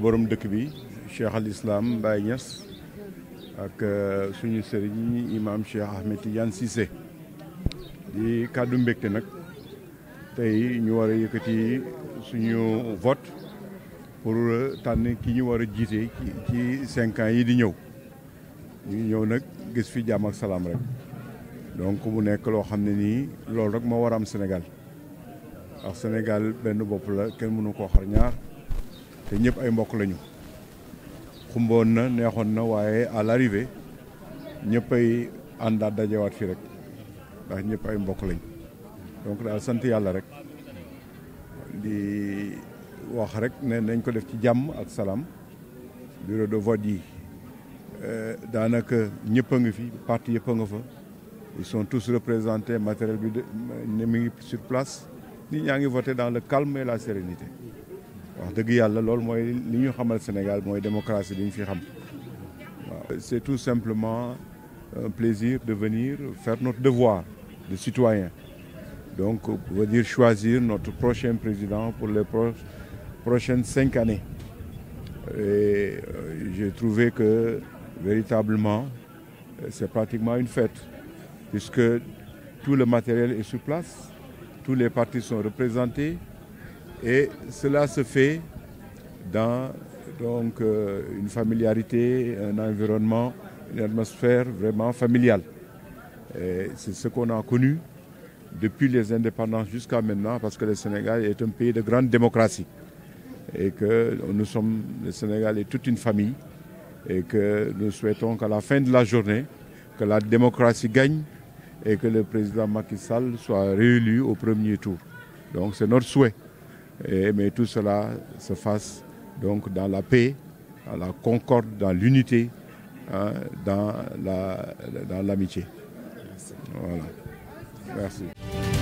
borom dëkk bi cheikh al islam baye ñass ak euh, suñu sëriñ imam cheikh Ahmed Tidiane Cissé di kaddu mbékté nak tay ñu wara yëkëti suñu vote pour euh, tan ki ñu wara jité ci 5 ans yi di ñëw ñu ñëw nak gis fi jàmm ak salam rek donc mu nekk lo xamné ni lool rek mo wara am Sénégal ak Sénégal benn bop la kenn mënu ko xar ñaar té ñëpp ay mbokk lañu xumboon na neexoon na waaye à l'arrivée ñëpp ay àndaat dajewaat fi rek ndax ñëpp ay mbokk lañ donc daal sant yàlla rek di wax rek ne nañ ko def ci jàmm ak salaam bureau de vote yi euh, daanaka ñëpp a ngi fi parti yëpp a nga fa ils sont tous représentés matériel bi ne mi ngi sur place nit ñaa ngi voter dans le calme et la sérénité c'est tout simplement un plaisir de venir faire notre devoir de citoyen donc on va choisir notre prochain président pour les prochaines cinq années et euh, j'ai trouvé que véritablement c'est pratiquement une fête puisque tout le matériel est sur place tous les partis sont représentés et cela se fait dans donc, euh, une familiarité, un environnement, une atmosphère vraiment familiale. C'est ce qu'on a connu depuis les indépendances jusqu'à maintenant, parce que le Sénégal est un pays de grande démocratie. Et que nous sommes, le Sénégal est toute une famille. Et que nous souhaitons qu'à la fin de la journée, que la démocratie gagne et que le président Macky Sall soit réélu au premier tour. Donc c'est notre souhait mais tout cela se fasse donc dans la paix, dans la concorde, dans l'unité, hein, dans l'amitié. voilà. Merci.